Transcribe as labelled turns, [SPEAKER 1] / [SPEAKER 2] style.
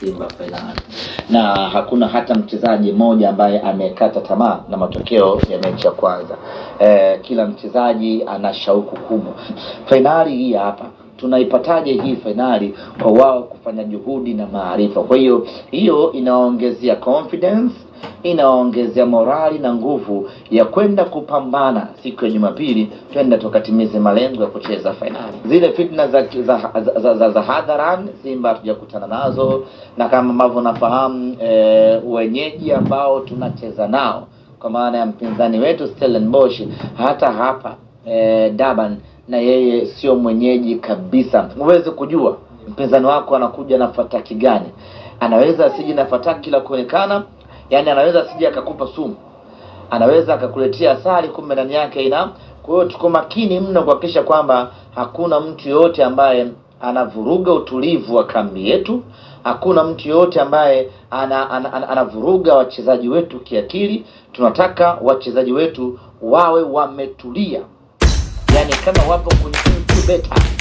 [SPEAKER 1] Simba fainali, na hakuna hata mchezaji mmoja ambaye amekata tamaa na matokeo ya mechi ya kwanza. E, kila mchezaji ana shauku kubwa. Fainali hii hapa tunaipataje hii fainali? Kwa wao kufanya juhudi na maarifa. Kwa hiyo hiyo inaongezea confidence inawaongezea morali na nguvu ya kwenda kupambana siku ya Jumapili, twenda tukatimize malengo ya kucheza fainali. Zile fitna za, za, za, za, za, za Simba hatujakutana nazo, na kama ambavyo nafahamu e, wenyeji ambao tunacheza nao kwa maana ya mpinzani wetu Stellenbosch, hata hapa e, eh, daban na yeye sio mwenyeji kabisa. Huwezi kujua mpinzani wako anakuja na fataki gani, anaweza asije na fataki la kuonekana yani anaweza sije akakupa sumu, anaweza akakuletea asali, kumbe ndani yake ina. Kwa hiyo tuko makini mno kuhakikisha kwamba hakuna mtu yoyote ambaye anavuruga utulivu wa kambi yetu. Hakuna mtu yoyote ambaye ana, ana, ana, anavuruga wachezaji wetu kiakili. Tunataka wachezaji wetu wawe wametulia, yani kama wapo kwenye incubator